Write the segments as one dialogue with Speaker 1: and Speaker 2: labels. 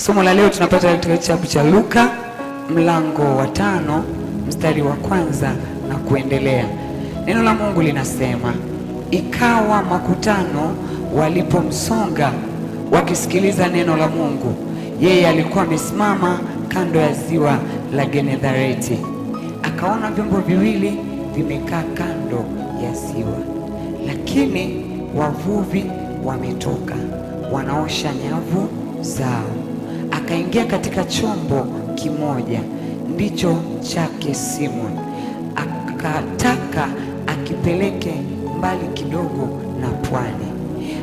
Speaker 1: Somo la leo tunapata katika kitabu cha Luka mlango wa tano mstari wa kwanza na kuendelea. Neno la Mungu linasema, ikawa makutano walipomsonga wakisikiliza neno la Mungu, yeye alikuwa amesimama kando ya ziwa la Genezareti, akaona vyombo viwili vimekaa kando ya ziwa, lakini wavuvi wametoka wanaosha nyavu zao akaingia katika chombo kimoja ndicho chake Simon, akataka akipeleke mbali kidogo na pwani,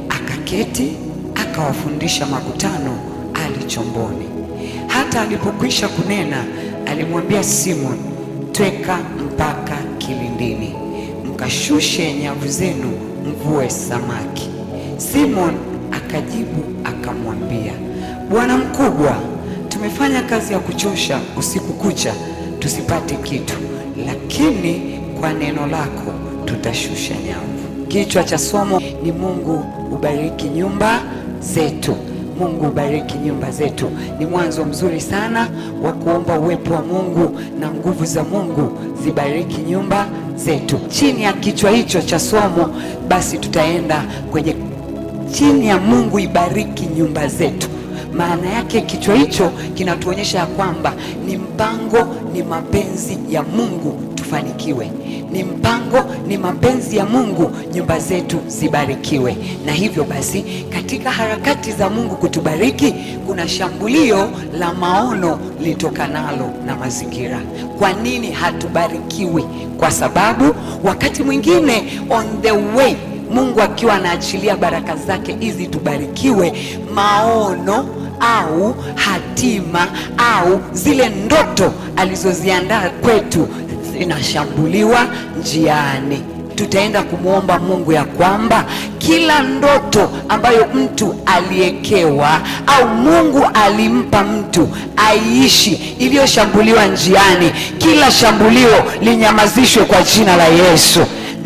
Speaker 1: akaketi akawafundisha makutano ali chomboni. Hata alipokwisha kunena, alimwambia Simon, tweka mpaka kilindini, mkashushe nyavu zenu mvue samaki. Simon akajibu akamwambia Bwana mkubwa, tumefanya kazi ya kuchosha usiku kucha tusipate kitu, lakini kwa neno lako tutashusha nyavu. Kichwa cha somo ni Mungu ubariki nyumba zetu. Mungu ubariki nyumba zetu ni mwanzo mzuri sana wa kuomba uwepo wa Mungu na nguvu za Mungu zibariki nyumba zetu. Chini ya kichwa hicho cha somo, basi tutaenda kwenye chini ya Mungu ibariki nyumba zetu. Maana yake kichwa hicho kinatuonyesha ya kwamba ni mpango, ni mapenzi ya Mungu tufanikiwe, ni mpango, ni mapenzi ya Mungu nyumba zetu zibarikiwe. Na hivyo basi, katika harakati za Mungu kutubariki, kuna shambulio la maono litokanalo na mazingira. Kwa nini hatubarikiwi? Kwa sababu wakati mwingine on the way Mungu akiwa anaachilia baraka zake hizi, tubarikiwe maono au hatima au zile ndoto alizoziandaa kwetu zinashambuliwa njiani. Tutaenda kumwomba Mungu ya kwamba kila ndoto ambayo mtu aliekewa au Mungu alimpa mtu aiishi, iliyoshambuliwa njiani, kila shambulio linyamazishwe kwa jina la Yesu.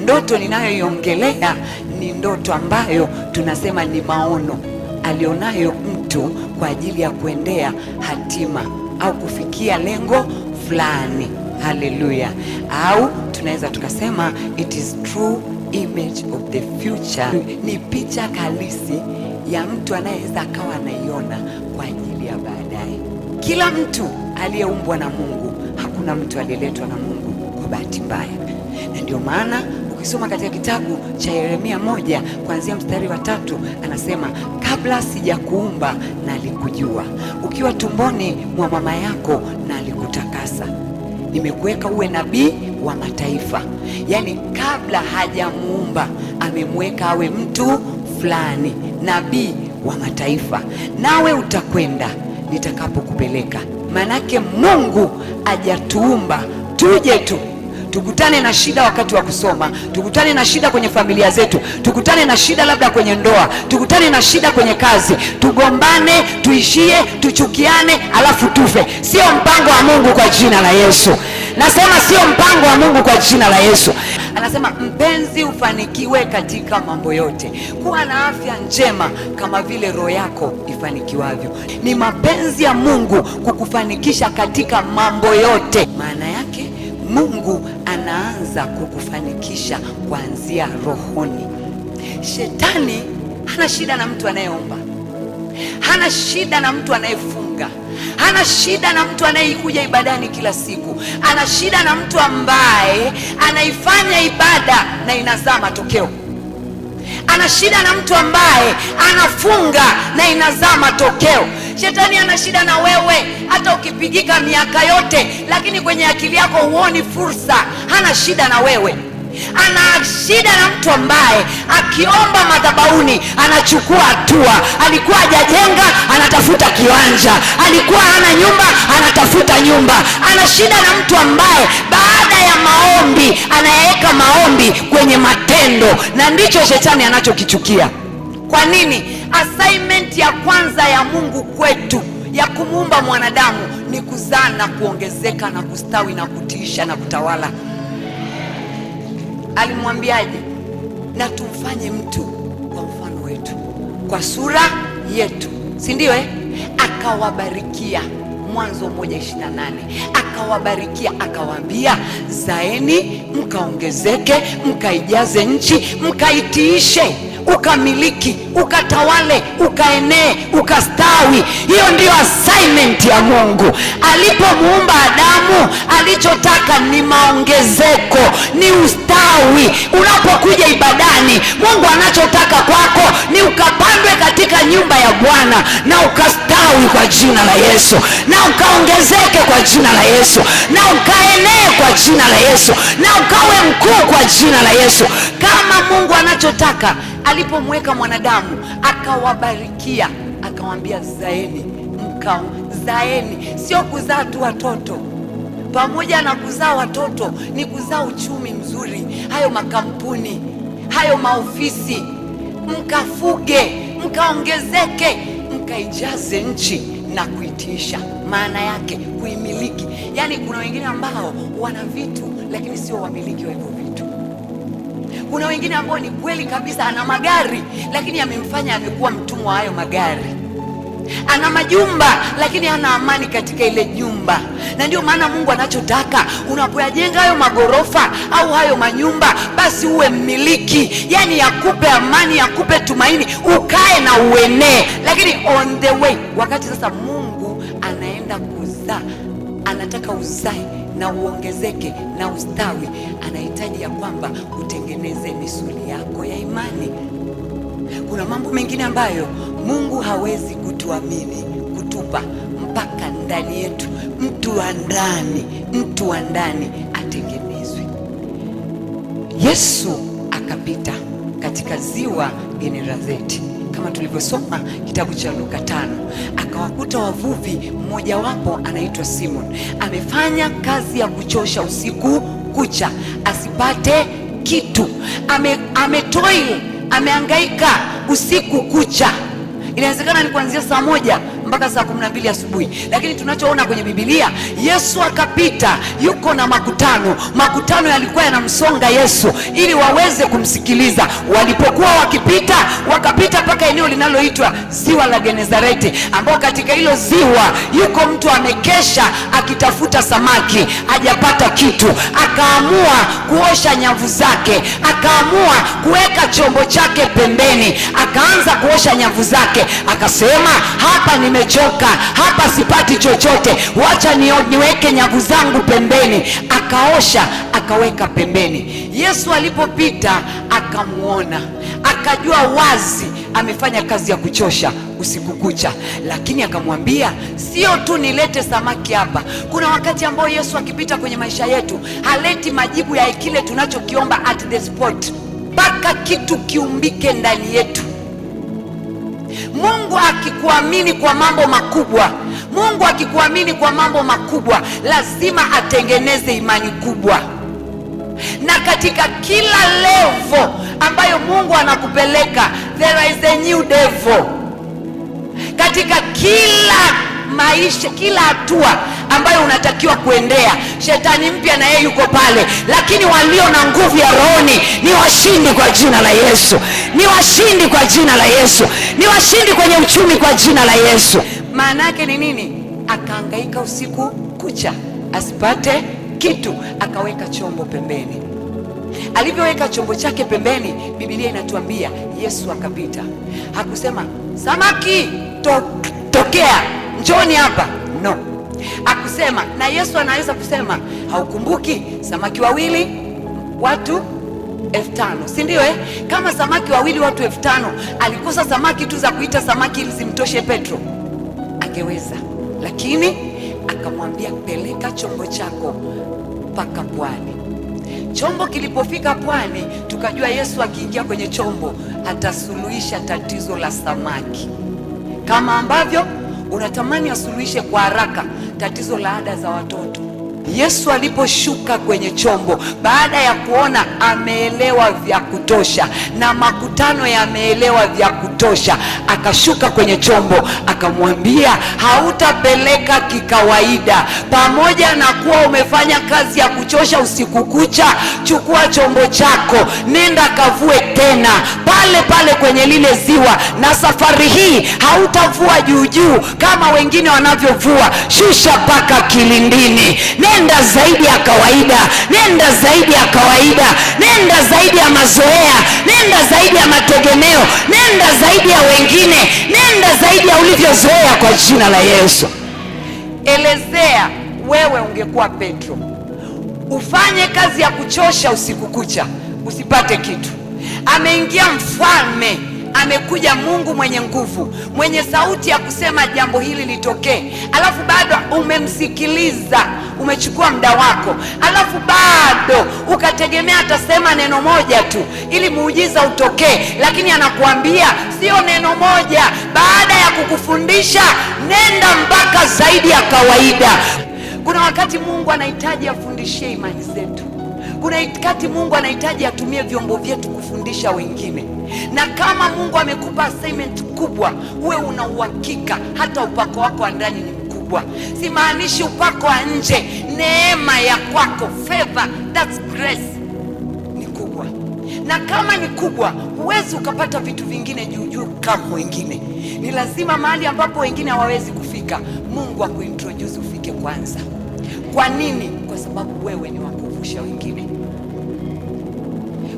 Speaker 1: Ndoto ninayoiongelea ni ndoto ambayo tunasema ni maono alionayo mtu kwa ajili ya kuendea hatima au kufikia lengo fulani. Haleluya! Au tunaweza tukasema it is true image of the future, ni picha halisi ya mtu anayeweza akawa anaiona kwa ajili ya baadaye. Kila mtu aliyeumbwa na Mungu, hakuna mtu aliyeletwa na Mungu kwa bahati mbaya, na ndio maana Ukisoma katika kitabu cha Yeremia moja kuanzia mstari wa tatu anasema kabla sijakuumba na alikujua, ukiwa tumboni mwa mama yako na alikutakasa, nimekuweka uwe nabii wa mataifa. Yaani kabla hajamuumba amemweka awe mtu fulani, nabii wa mataifa, nawe utakwenda nitakapokupeleka. Manake Mungu ajatuumba tuje tu tukutane na shida wakati wa kusoma, tukutane na shida kwenye familia zetu, tukutane na shida labda kwenye ndoa, tukutane na shida kwenye kazi, tugombane, tuishie, tuchukiane, alafu tufe. Sio mpango wa Mungu kwa jina la Yesu. Nasema sio mpango wa Mungu kwa jina la Yesu. Anasema mpenzi, ufanikiwe katika mambo yote, kuwa na afya njema kama vile roho yako ifanikiwavyo. Ni mapenzi ya Mungu kukufanikisha katika mambo yote. Maana yake Mungu anaanza kukufanikisha kuanzia rohoni. Shetani hana shida na mtu anayeomba, hana shida na mtu anayefunga, hana shida na mtu anayekuja ibadani kila siku. Ana shida na mtu ambaye anaifanya ibada na inazaa matokeo. Ana shida na mtu ambaye anafunga na inazaa matokeo. Shetani ana shida na wewe, hata ukipigika miaka yote, lakini kwenye akili yako huoni fursa. Hana shida na wewe, ana shida na mtu ambaye akiomba madhabahuni anachukua hatua. Alikuwa hajajenga anatafuta kiwanja, alikuwa hana nyumba anatafuta nyumba. Ana shida na mtu ambaye baada ya maombi anayeweka maombi kwenye matendo, na ndicho shetani anachokichukia. Kwa nini? Assignment ya kwanza ya Mungu kwetu ya kumuumba mwanadamu ni kuzaa na kuongezeka na kustawi na kutiisha na kutawala. Alimwambiaje? Na tumfanye mtu kwa mfano wetu, kwa sura yetu, si ndio eh? Akawabarikia Mwanzo moja ishirini na nane akawabarikia akawaambia, zaeni mkaongezeke, mkaijaze nchi, mkaitiishe ukamiliki, ukatawale, ukaenee, ukastawi. Hiyo ndiyo assignment ya Mungu. Alipomuumba Adamu, alichotaka ni maongezeko, ni ustawi. Unapokuja ibadani, Mungu anachotaka kwako ni ukapandwe katika nyumba ya Bwana na ukastawi kwa jina la Yesu, na ukaongezeke kwa jina la Yesu, na ukaenee kwa jina la Yesu, na ukawe mkuu kwa jina la Yesu, kama Mungu anachotaka alipomweka mwanadamu akawabarikia, akawambia zaeni mkao, zaeni. Sio kuzaa tu watoto, pamoja na kuzaa watoto ni kuzaa uchumi mzuri, hayo makampuni, hayo maofisi, mkafuge, mkaongezeke, mkaijaze nchi na kuitiisha, maana yake kuimiliki. Yaani kuna wengine ambao wana vitu lakini sio wamiliki wa hivyo vitu. Kuna wengine ambao ni kweli kabisa, ana magari lakini amemfanya amekuwa mtumwa hayo magari ana majumba lakini hana amani katika ile jumba. Na ndio maana Mungu anachotaka unapoyajenga hayo magorofa au hayo manyumba, basi uwe mmiliki, yani yakupe amani, yakupe tumaini, ukae na uenee. Lakini on the way, wakati sasa Mungu anaenda kuzaa, anataka uzae na uongezeke na ustawi, anahitaji ya kwamba utengeneze misuli yako ya imani. Kuna mambo mengine ambayo Mungu hawezi kutuamini kutupa mpaka ndani yetu, mtu wa ndani, mtu wa ndani atengenezwe. Yesu akapita katika ziwa Generazeti kama tulivyosoma kitabu cha Luka tano, akawakuta wavuvi, mmojawapo anaitwa Simon, amefanya kazi ya kuchosha usiku kucha asipate kitu, ame, ametoi, ameangaika usiku kucha, inawezekana ni kuanzia saa moja mpaka saa kumi na mbili asubuhi, lakini tunachoona kwenye Biblia, Yesu akapita, yuko na makutano. Makutano yalikuwa yanamsonga Yesu ili waweze kumsikiliza. Walipokuwa wakipita, wakapita mpaka eneo linaloitwa ziwa la Genezareti, ambao katika hilo ziwa yuko mtu amekesha akitafuta samaki, hajapata kitu, akaamua kuosha nyavu zake, akaamua kuweka chombo chake pembeni, akaanza kuosha nyavu zake, akasema hapa ni nimechoka hapa, sipati chochote, wacha niweke nyavu zangu pembeni. Akaosha akaweka pembeni. Yesu alipopita akamwona, akajua wazi amefanya kazi ya kuchosha usiku kucha, lakini akamwambia sio tu nilete samaki hapa. Kuna wakati ambao Yesu akipita kwenye maisha yetu haleti majibu ya kile tunachokiomba at the spot, mpaka kitu kiumbike ndani yetu Mungu akikuamini kwa mambo makubwa, Mungu akikuamini kwa mambo makubwa, lazima atengeneze imani kubwa. Na katika kila levo ambayo Mungu anakupeleka, there is a new devil katika kila maisha, kila hatua ambayo unatakiwa kuendea, shetani mpya na yeye yuko pale, lakini walio na nguvu ya rohoni ni washindi kwa jina la Yesu, ni washindi kwa jina la Yesu, ni washindi kwenye uchumi kwa jina la Yesu. Maana yake ni nini? Akahangaika usiku kucha asipate kitu, akaweka chombo pembeni. Alivyoweka chombo chake pembeni, Biblia inatuambia Yesu akapita, hakusema samaki to, tokea njoni hapa no. Akusema na Yesu anaweza kusema haukumbuki samaki wawili watu elfu tano si ndio eh? Kama samaki wawili watu elfu tano alikosa samaki tu za kuita samaki ili zimtoshe Petro, angeweza lakini akamwambia peleka chombo chako mpaka pwani. Chombo kilipofika pwani, tukajua Yesu akiingia kwenye chombo atasuluhisha tatizo la samaki kama ambavyo unatamani asuluhishe kwa haraka tatizo la ada za watoto. Yesu aliposhuka kwenye chombo baada ya kuona ameelewa vya kutosha na makutano yameelewa vya kutosha, akashuka kwenye chombo akamwambia, hautapeleka kikawaida. Pamoja na kuwa umefanya kazi ya kuchosha usiku kucha, chukua chombo chako, nenda kavue tena pale pale kwenye lile ziwa, na safari hii hautavua juu juu kama wengine wanavyovua. Shusha paka kilindini, nenda zaidi ya kawaida, nenda zaidi ya kawaida, nenda zaidi ya mazoea, nenda zaidi ya mategemeo, nenda zaidi ya wengine, nenda zaidi ya ulivyozoea, kwa jina la Yesu. Elezea wewe ungekuwa Petro, ufanye kazi ya kuchosha usiku kucha, usipate kitu ameingia mfalme, amekuja Mungu mwenye nguvu, mwenye sauti ya kusema jambo hili litokee, alafu bado umemsikiliza, umechukua muda wako, alafu bado ukategemea atasema neno moja tu ili muujiza utokee, lakini anakuambia sio neno moja. Baada ya kukufundisha, nenda mpaka zaidi ya kawaida. Kuna wakati Mungu anahitaji afundishie imani zetu. Kuna itikati Mungu anahitaji atumie vyombo vyetu kufundisha wengine, na kama Mungu amekupa assignment kubwa, uwe una uhakika hata upako wako wa ndani ni mkubwa. Simaanishi upako wa nje, neema ya kwako, favor, that's grace ni kubwa, na kama ni kubwa, huwezi ukapata vitu vingine juujuu kama wengine. Ni lazima mahali ambapo wengine hawawezi kufika, Mungu akuintroduce ufike kwanza. Kwa nini? Kwa sababu wewe ni wa kuvusha wengine,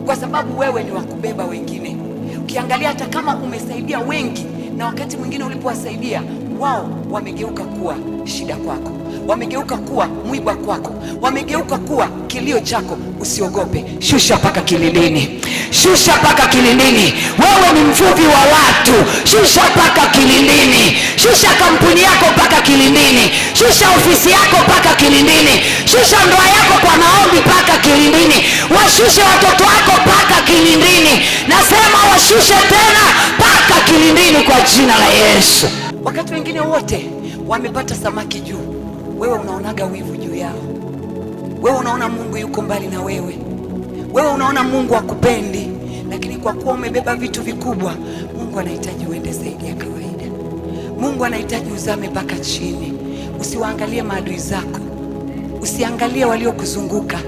Speaker 1: kwa sababu wewe ni wa kubeba wengine. Ukiangalia hata kama umesaidia wengi, na wakati mwingine ulipowasaidia wao wamegeuka kuwa shida kwako, wamegeuka kuwa mwiba kwako, wamegeuka kuwa kilio chako. Usiogope, shusha mpaka kilindini, shusha mpaka kilindini. Wewe ni mvuvi wa watu, shusha mpaka kilindini, shusha kampuni yako mpaka kilindini, shusha ofisi yako mpaka kilindini, shusha ndoa yako kwa maombi mpaka kilindini, washushe watoto wako mpaka kilindini. Nasema washushe tena mpaka kilindini, kwa jina la Yesu. Wakati wengine wote wamepata samaki juu, wewe unaonaga wivu juu yao. Wewe unaona Mungu yuko mbali na wewe, wewe unaona Mungu akupendi lakini kwa kuwa umebeba vitu vikubwa, Mungu anahitaji uende zaidi ya kawaida. Mungu anahitaji uzame mpaka chini. Usiwaangalie maadui zako, usiangalie waliokuzunguka,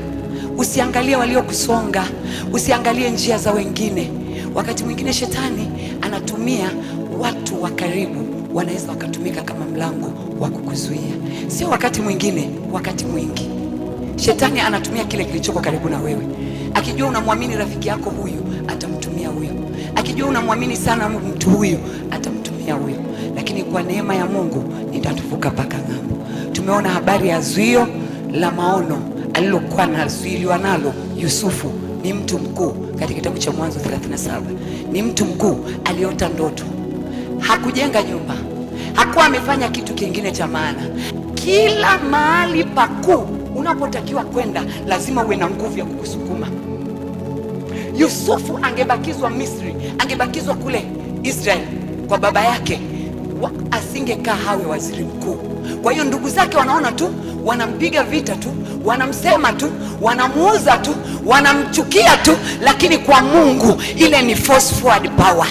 Speaker 1: usiangalie waliokusonga, usiangalie njia za wengine. Wakati mwingine shetani anatumia watu wa karibu wanaweza wakatumika kama mlango wa kukuzuia, sio wakati mwingine, wakati mwingi shetani anatumia kile kilichoko karibu na wewe. Akijua unamwamini rafiki yako huyu, atamtumia huyo. Akijua unamwamini sana mtu huyu, atamtumia huyo. Lakini kwa neema ya Mungu nitatuvuka mpaka ng'ambo. Tumeona habari ya zuio la maono alilokuwa nazuiliwa nalo Yusufu. Ni mtu mkuu katika kitabu cha Mwanzo 37 ni mtu mkuu aliota ndoto hakujenga nyumba, hakuwa amefanya kitu kingine cha maana. Kila mahali pakuu unapotakiwa kwenda, lazima uwe na nguvu ya kukusukuma. Yusufu angebakizwa Misri, angebakizwa kule Israeli kwa baba yake, asingekaa hawe waziri mkuu. Kwa hiyo ndugu zake wanaona tu, wanampiga vita tu, wanamsema tu, wanamuuza tu, wanamchukia tu, lakini kwa Mungu ile ni force forward power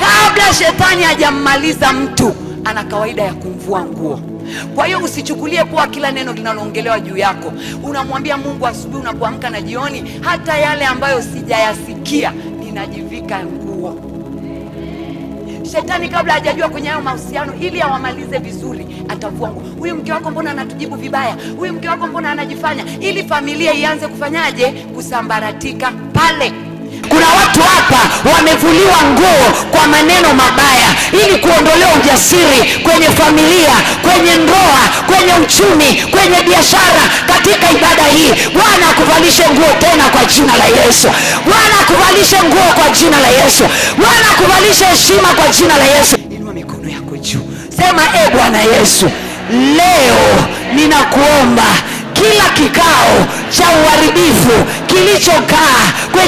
Speaker 1: kabla shetani hajammaliza mtu, ana kawaida ya kumvua nguo. Kwa hiyo usichukulie kuwa kila neno linaloongelewa juu yako. Unamwambia Mungu asubuhi unapoamka na jioni, hata yale ambayo sijayasikia ninajivika nguo. Shetani kabla hajajua kwenye hayo mahusiano, ili awamalize vizuri, atavua nguo. Huyu mke wako mbona anatujibu vibaya? Huyu mke wako mbona anajifanya? Ili familia ianze kufanyaje? Kusambaratika pale kuna watu hapa wamevuliwa nguo kwa maneno mabaya ili kuondolewa ujasiri kwenye familia, kwenye ndoa, kwenye uchumi, kwenye biashara. Katika ibada hii Bwana akuvalishe nguo tena kwa jina la Yesu. Bwana akuvalishe nguo kwa jina la Yesu. Bwana akuvalishe heshima kwa jina la Yesu. Inua mikono yako juu, sema e Bwana Yesu, leo ninakuomba kila kikao cha uharibifu kilichoka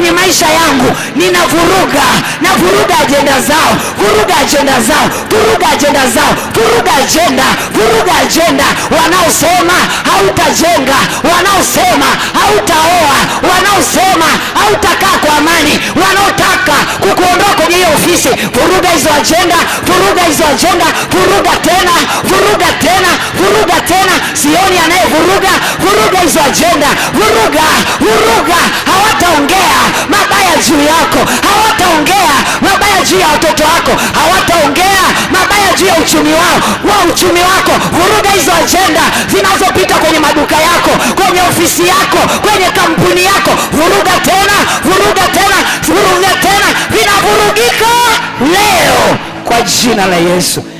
Speaker 1: kwenye maisha yangu, ninavuruga na vuruga ajenda zao, vuruga ajenda zao, vuruga ajenda zao, vuruga ajenda, vuruga ajenda. Wanaosema hautajenga, wanaosema hautaoa, wanaosema hautakaa kwa amani, wanaotaka kukuondoa kwenye hiyo ofisi, vuruga hizo ajenda, vuruga hizo ajenda, vuruga tena, vuruga tena, vuruga tena. Sioni anayevuruga, vuruga hizo ajenda, vuruga wako hawataongea mabaya juu ya uchumi wao wa uchumi wako. Vuruga hizo ajenda zinazopita kwenye maduka yako, kwenye ofisi yako, kwenye kampuni yako. Vuruga tena, vuruga tena, vuruga tena, vinavurugika leo kwa jina la Yesu.